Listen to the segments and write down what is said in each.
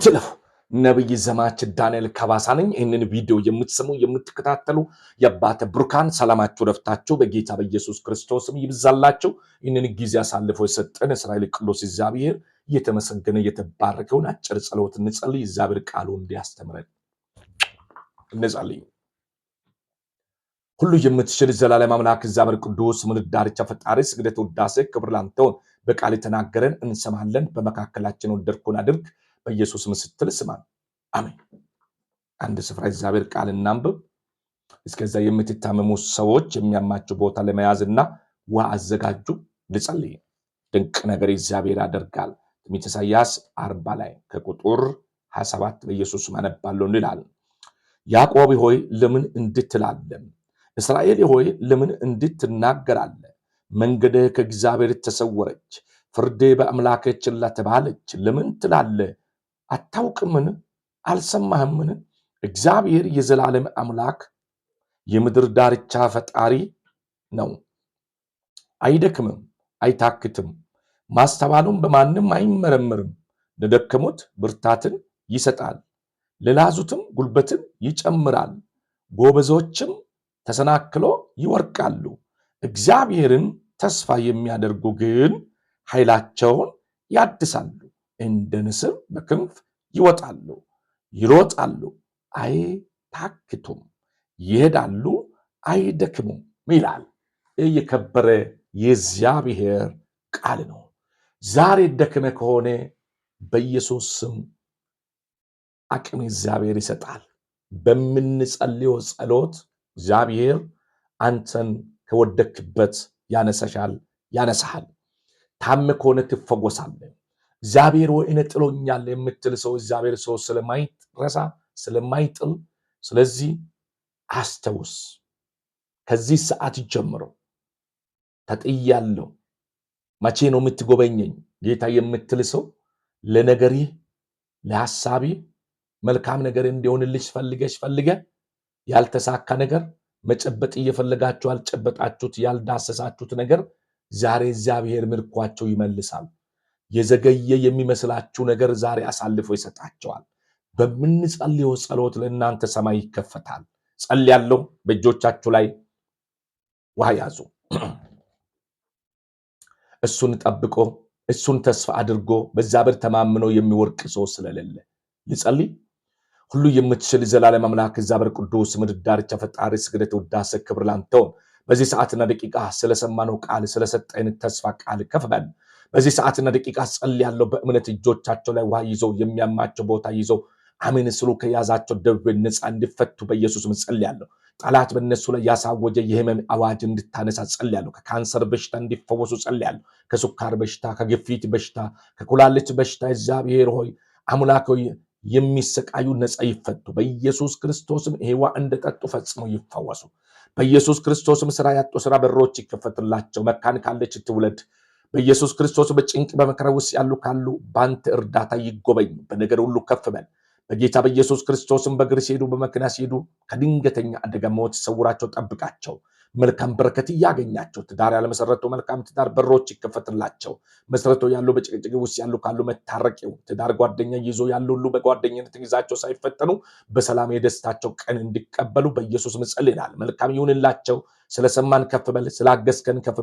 አትለፉ። ነብይ ዘማች ዳንኤል ከባሳ ነኝ። ይህንን ቪዲዮ የምትሰሙ የምትከታተሉ የአባተ ብሩካን ሰላማችሁ ረፍታችሁ በጌታ በኢየሱስ ክርስቶስም ይብዛላችሁ። ይህንን ጊዜ አሳልፎ የሰጠን እስራኤል ቅዱስ እግዚአብሔር እየተመሰገነ እየተባረከውን አጭር ጸሎት እንጸልይ። እግዚአብሔር ቃሉ እንዲያስተምረን እንጸልይ። ሁሉ የምትችል ዘላለም አምላክ እግዚአብሔር ቅዱስ ምድር ዳርቻ ፈጣሪ ስግደት፣ ውዳሴ፣ ክብር ላንተውን በቃል የተናገረን እንሰማለን። በመካከላችን ወደርኩን አድርግ በኢየሱስም ስትል ስማ። አሜን። አንድ ስፍራ እግዚአብሔር ቃል እናንብብ። እስከዛ የምትታመሙ ሰዎች የሚያማቸው ቦታ ለመያዝና ውሃ አዘጋጁ፣ ልጸልይ። ድንቅ ነገር እግዚአብሔር ያደርጋል። ትንቢተ ኢሳይያስ አርባ ላይ ከቁጥር ሀያ ሰባት በኢየሱስ ማነባለሁ ይላል። ያዕቆብ ሆይ ለምን እንድትላለም እስራኤል ሆይ ለምን እንድትናገራለ? መንገድህ ከእግዚአብሔር ተሰወረች፣ ፍርድህ በአምላክህ ችላ ተባለች ለምን ትላለ? አታውቅምን? አልሰማህምን? እግዚአብሔር የዘላለም አምላክ የምድር ዳርቻ ፈጣሪ ነው። አይደክምም፣ አይታክትም፣ ማስተባሉን በማንም አይመረምርም። ለደከሙት ብርታትን ይሰጣል፣ ለላዙትም ጉልበትን ይጨምራል። ጎበዞችም ተሰናክሎ ይወርቃሉ። እግዚአብሔርን ተስፋ የሚያደርጉ ግን ኃይላቸውን ያድሳሉ። እንደ ንስር በክንፍ ይወጣሉ፣ ይሮጣሉ፣ አይታክቱም፣ ይሄዳሉ፣ አይደክሙም ይላል። የከበረ የእግዚአብሔር ቃል ነው። ዛሬ ደክመ ከሆነ በኢየሱስ ስም አቅም እግዚአብሔር ይሰጣል። በምንጸልየው ጸሎት እግዚአብሔር አንተን ከወደክበት ያነሳሻል፣ ያነሳሃል። ታመ ከሆነ ትፈወሳለህ። እግዚአብሔር ወይ እኔ ጥሎኛል የምትል ሰው እግዚአብሔር ሰው ስለማይረሳ ስለማይጥል፣ ስለዚህ አስተውስ። ከዚህ ሰዓት ጀምሮ ተጥያለሁ፣ መቼ ነው የምትጎበኘኝ ጌታ የምትል ሰው ለነገሪ ለሐሳቢ መልካም ነገር እንዲሆንልሽ ፈልገሽ ፈልገ ያልተሳካ ነገር መጨበጥ እየፈለጋችሁ ያልጨበጣችሁት ያልዳሰሳችሁት ነገር ዛሬ እግዚአብሔር ምርኳቸው ይመልሳል። የዘገየ የሚመስላችሁ ነገር ዛሬ አሳልፎ ይሰጣቸዋል። በምንጸልየው ጸሎት ለእናንተ ሰማይ ይከፈታል። ጸልያለሁ። በእጆቻችሁ ላይ ውሃ ያዙ። እሱን ጠብቆ እሱን ተስፋ አድርጎ በእግዚአብሔር ተማምኖ የሚወርቅ ሰው ስለሌለ ልጸልይ። ሁሉ የምትችል ዘላለም አምላክ እግዚአብሔር ቅዱስ፣ ምድር ዳርቻ ፈጣሪ፣ ስግደት፣ ውዳሴ፣ ክብር ላንተው በዚህ ሰዓትና ደቂቃ ስለሰማነው ቃል ስለሰጠን ተስፋ ቃል ከፍበን በዚህ ሰዓትና ደቂቃ ጸል ያለው በእምነት እጆቻቸው ላይ ውሃ ይዘው የሚያማቸው ቦታ ይዘው አሜን ስሉ ከያዛቸው ደዌ ነፃ እንዲፈቱ በኢየሱስ ስም ያለው ጠላት በእነሱ ላይ ያሳወጀ የህመም አዋጅ እንድታነሳ ጸልያለሁ። ከካንሰር በሽታ እንዲፈወሱ ጸልያለሁ። ከሱካር በሽታ፣ ከግፊት በሽታ፣ ከኩላሊት በሽታ እግዚአብሔር ሆይ አምላክ ሆይ የሚሰቃዩ ነፃ ይፈቱ። በኢየሱስ ክርስቶስም ይሄዋ እንደጠጡ ፈጽሞ ይፈወሱ። በኢየሱስ ክርስቶስም ስራ ያጡ ስራ በሮች ይከፈትላቸው። መካን ካለች ትውለድ በኢየሱስ ክርስቶስ በጭንቅ በመከራ ውስጥ ያሉ ካሉ በአንተ እርዳታ ይጎበኙ። በነገር ሁሉ ከፍ በል። በጌታ በኢየሱስ ክርስቶስም በእግር ሲሄዱ በመኪና ሲሄዱ ከድንገተኛ አደጋ ሞት ሰውራቸው፣ ጠብቃቸው። መልካም በረከት እያገኛቸው ትዳር ያለመሰረቱ መልካም ትዳር በሮች ይከፈትላቸው። መሰረቶ ያሉ በጭቅጭቅ ውስጥ ያሉ ካሉ መታረቂው ትዳር ጓደኛ ይዞ ያሉ ሁሉ በጓደኝነት ጊዜያቸው ሳይፈጠኑ በሰላም የደስታቸው ቀን እንዲቀበሉ በኢየሱስ ምጸልናል። መልካም ይሁንላቸው። ስለሰማን ከፍበል፣ በል፣ ስላገዝከን ከፍ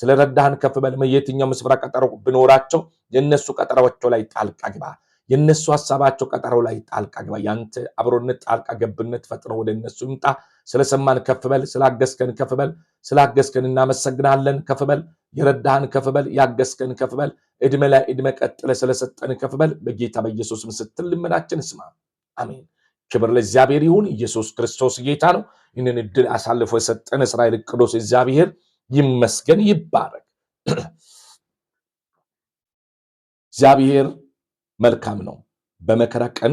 ስለረዳህን ከፍበል። በል። የትኛው ምስፍራ ቀጠሮ ብኖራቸው የእነሱ ቀጠሮቸው ላይ ጣልቃ ግባ። የእነሱ ሀሳባቸው ቀጠረው ላይ ጣልቃ ግባ፣ ያንተ አብሮነት ጣልቃ ገብነት ፈጥኖ ወደ እነሱ ይምጣ። ስለሰማን ከፍበል፣ ስላገዝከን ከፍበል፣ ስላገዝከን እናመሰግናለን ከፍበል፣ የረዳህን ከፍበል፣ ያገዝከን ከፍበል፣ እድመ ላይ እድመ ቀጥለ ስለሰጠን ከፍበል። በጌታ በኢየሱስ ምስትል ልመናችን ስማ። አሜን። ክብር ለእግዚአብሔር ይሁን። ኢየሱስ ክርስቶስ ጌታ ነው። ይህንን እድል አሳልፎ የሰጠን እስራኤል ቅዱስ እግዚአብሔር ይመስገን፣ ይባረክ እግዚአብሔር መልካም ነው። በመከራ ቀን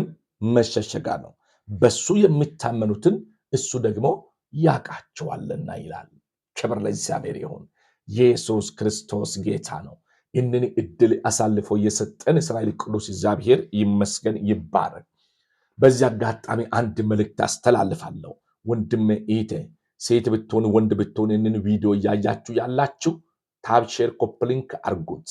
መሸሸጋ ነው። በሱ የሚታመኑትን እሱ ደግሞ ያውቃቸዋልና ይላል። ክብር ለእግዚአብሔር ይሁን። ኢየሱስ ክርስቶስ ጌታ ነው። ይህንን እድል አሳልፎ የሰጠን እስራኤል ቅዱስ እግዚአብሔር ይመስገን፣ ይባረክ። በዚህ አጋጣሚ አንድ መልእክት አስተላልፋለሁ። ወንድም ኢቴ ሴት ብትሆን ወንድ ብትሆን ይህንን ቪዲዮ እያያችሁ ያላችሁ ታብሼር ኮፕሊንክ አርጉት።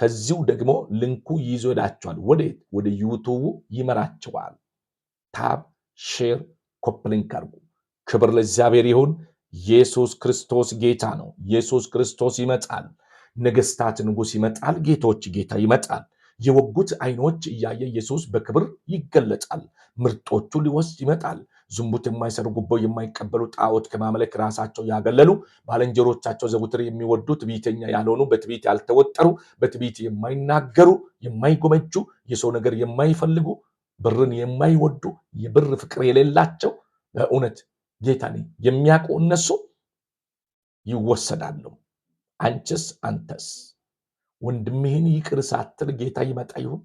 ከዚሁ ደግሞ ልንኩ ይዞዳቸዋል። ወዴት? ወደ ዩቱቡ ይመራቸዋል። ታብ፣ ሼር፣ ኮፕሊንክ አድርጉ። ክብር ለእግዚአብሔር ይሁን። ኢየሱስ ክርስቶስ ጌታ ነው። ኢየሱስ ክርስቶስ ይመጣል። ነገስታት ንጉስ ይመጣል። ጌቶች ጌታ ይመጣል። የወጉት አይኖች እያየ ኢየሱስ በክብር ይገለጻል። ምርጦቹ ሊወስድ ይመጣል። ዝሙት የማይሰሩ ጉቦ የማይቀበሉ ጣዖት ከማምለክ ራሳቸው ያገለሉ ባለንጀሮቻቸው ዘውትር የሚወዱ ትዕቢተኛ ያልሆኑ በትዕቢት ያልተወጠሩ በትዕቢት የማይናገሩ የማይጎመጁ የሰው ነገር የማይፈልጉ ብርን የማይወዱ የብር ፍቅር የሌላቸው በእውነት ጌታ የሚያውቁ እነሱ ይወሰዳሉ። አንቺስ አንተስ ወንድምህን ይቅር ሳትል ጌታ ይመጣ ይሁን?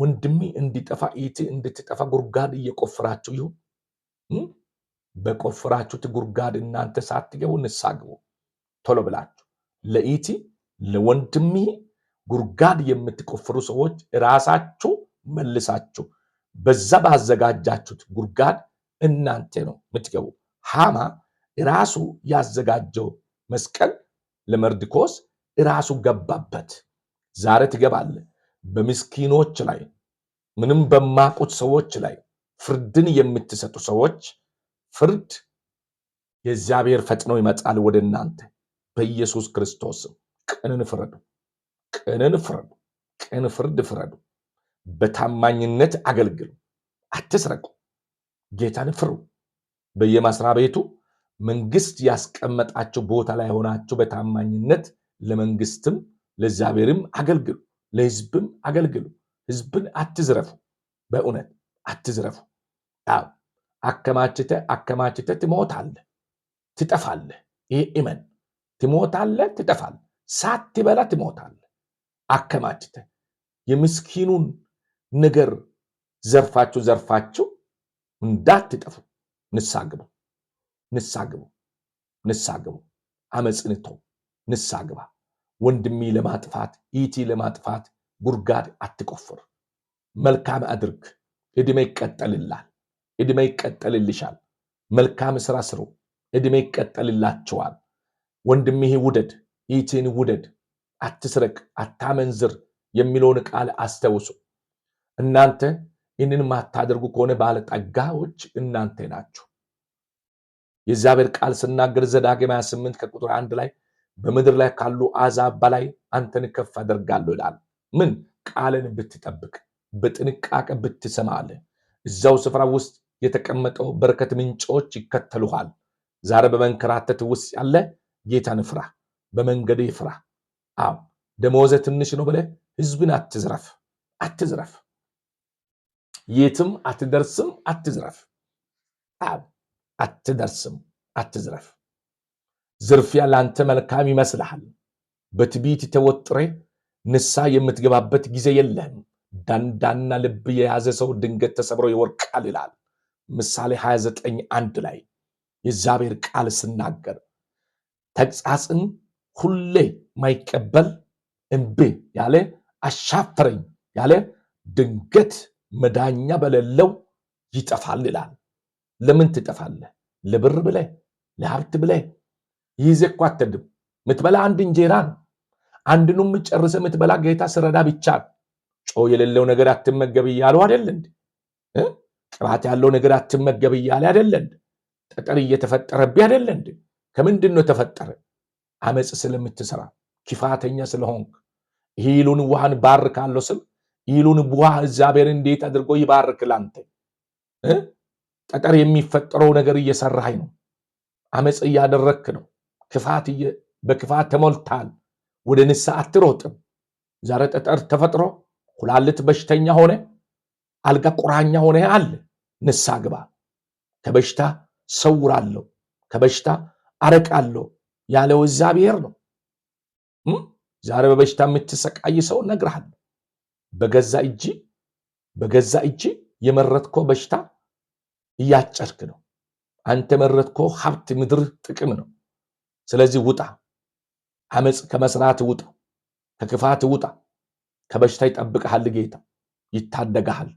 ወንድሜ እንዲጠፋ ኢቲ እንድትጠፋ ጉርጋድ እየቆፈራችሁ ይሁን? በቆፈራችሁት ጉድጓድ እናንተ ሳትገቡ ንስሐ ግቡ። ቶሎ ብላችሁ ለኢቲ ለወንድሜ ጉድጓድ የምትቆፍሩ ሰዎች ራሳችሁ መልሳችሁ በዛ ባዘጋጃችሁት ጉድጓድ እናንተ ነው የምትገቡ። ሃማ ራሱ ያዘጋጀው መስቀል ለመርድኮስ ራሱ ገባበት። ዛሬ ትገባለ በምስኪኖች ላይ ምንም በማቁት ሰዎች ላይ ፍርድን የምትሰጡ ሰዎች ፍርድ የእግዚአብሔር ፈጥኖ ይመጣል ወደ እናንተ በኢየሱስ ክርስቶስም። ቅንን ፍረዱ፣ ቅንን ፍረዱ፣ ቅን ፍርድ ፍረዱ። በታማኝነት አገልግሉ። አትስረቁ። ጌታን ፍሩ። በየማስራ ቤቱ መንግስት ያስቀመጣቸው ቦታ ላይ ሆናችሁ በታማኝነት ለመንግስትም ለእግዚአብሔርም አገልግሉ፣ ለህዝብም አገልግሉ። ህዝብን አትዝረፉ። በእውነት አትዝረፉ። አከማችተ አከማችተ ትሞታለ ትጠፋለህ። ይህ እመን፣ ትሞታለህ፣ ትጠፋለህ። ሳትበላ ትሞታለ አከማችተ የምስኪኑን ነገር ዘርፋችሁ ዘርፋችሁ እንዳትጠፉ ንሳግቡ ንሳግቡ ንሳግቡ አመፅንቶ ንሳግባ ወንድሚ ለማጥፋት ኢቲ ለማጥፋት ጉርጋድ አትቆፍር። መልካም አድርግ፣ እድሜ ይቀጠልላል። እድሜ ይቀጠልልሻል። መልካም ስራ ስሩ፣ እድሜ ይቀጠልላችኋል። ወንድምህ ውደድ፣ ይህችን ውደድ፣ አትስረቅ፣ አታመንዝር የሚለውን ቃል አስተውሱ። እናንተ ይህንን ማታደርጉ ከሆነ ባለጠጋዎች እናንተ ናችሁ። የእግዚአብሔር ቃል ስናገር ዘዳግም 28 ከቁጥር አንድ ላይ በምድር ላይ ካሉ አሕዛብ በላይ አንተን ከፍ አደርጋለሁ ይላል። ምን ቃልን ብትጠብቅ፣ በጥንቃቄ ብትሰማለ እዛው ስፍራ ውስጥ የተቀመጠው በረከት ምንጮች ይከተሉሃል። ዛሬ በመንከራተት ውስጥ ያለ ጌታን ፍራ፣ በመንገድ ፍራ። አዎ ደመወዘ ትንሽ ነው ብለ ህዝብን አትዝረፍ፣ አትዝረፍ። የትም አትደርስም፣ አትዝረፍ። አዎ አትደርስም፣ አትዝረፍ። ዝርፊያ ለአንተ መልካም ይመስልሃል። በትቢት ተወጥሬ ንሳ የምትገባበት ጊዜ የለህም። ዳንዳና ልብ የያዘ ሰው ድንገት ተሰብሮ ይወርቃል ይላል። ምሳሌ 29 አንድ ላይ የእግዚአብሔር ቃል ስናገር ተግሳጽን ሁሌ ማይቀበል እምቢ ያለ አሻፈረኝ ያለ ድንገት መዳኛ በሌለው ይጠፋል ይላል። ለምን ትጠፋለህ? ለብር ብለህ ለሀብት ብለህ ይዘህ እኮ አትሄድም። ምትበላ አንድ እንጀራ ነው። አንድኑም ጨርሰህ የምትበላ ጌታ ስረዳ ብቻ ጮ የሌለው ነገር አትመገብ እያሉ አይደል እንዴ? ጥራት ያለው ነገር አትመገብ እያለ አይደለ ጠጠር እየተፈጠረብህ አደለ እንዴ? ከምንድን ነው ተፈጠረ? አመፅ ስለምትሰራ ኪፋተኛ ስለሆንክ ይሉን ውሃን ባርካለሁ ስል ይሉን ውሃ እግዚአብሔር እንዴት አድርጎ ይባርክ ላንተ ጠጠር የሚፈጠረው ነገር እየሰራህ ነው። አመፅ እያደረክ ነው። ክፋት በክፋት ተሞልታል። ወደ ንስ አትሮጥም። ዛሬ ጠጠር ተፈጥሮ ኩላልት በሽተኛ ሆነ፣ አልጋ ቁራኛ ሆነ አለ ንስሐ ግባ። ከበሽታ ሰውራለሁ፣ ከበሽታ አረቃለሁ ያለው እግዚአብሔር ነው። ዛሬ በበሽታ የምትሰቃይ ሰው እነግርሃለሁ። በገዛ እጅ በገዛ እጅ የመረጥኮ በሽታ እያጨድክ ነው። አንተ መረጥኮ ሀብት ምድር ጥቅም ነው። ስለዚህ ውጣ፣ አመፅ ከመስራት ውጣ፣ ከክፋት ውጣ። ከበሽታ ይጠብቀሃል ጌታ፣ ይታደግሃል፣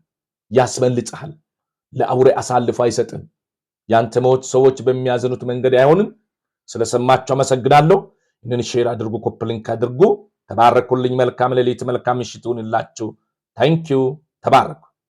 ያስመልጽሃል። ለአውሬ አሳልፎ አይሰጥም። ያንተ ሞት ሰዎች በሚያዘኑት መንገድ አይሆንም። ስለሰማችሁ አመሰግናለሁ። ይህንን ሼር አድርጉ፣ ኮፕሊንክ አድርጉ። ተባረኩልኝ። መልካም ሌሊት፣ መልካም ምሽት ይሁንላችሁ። ታንኪዩ። ተባረኩ።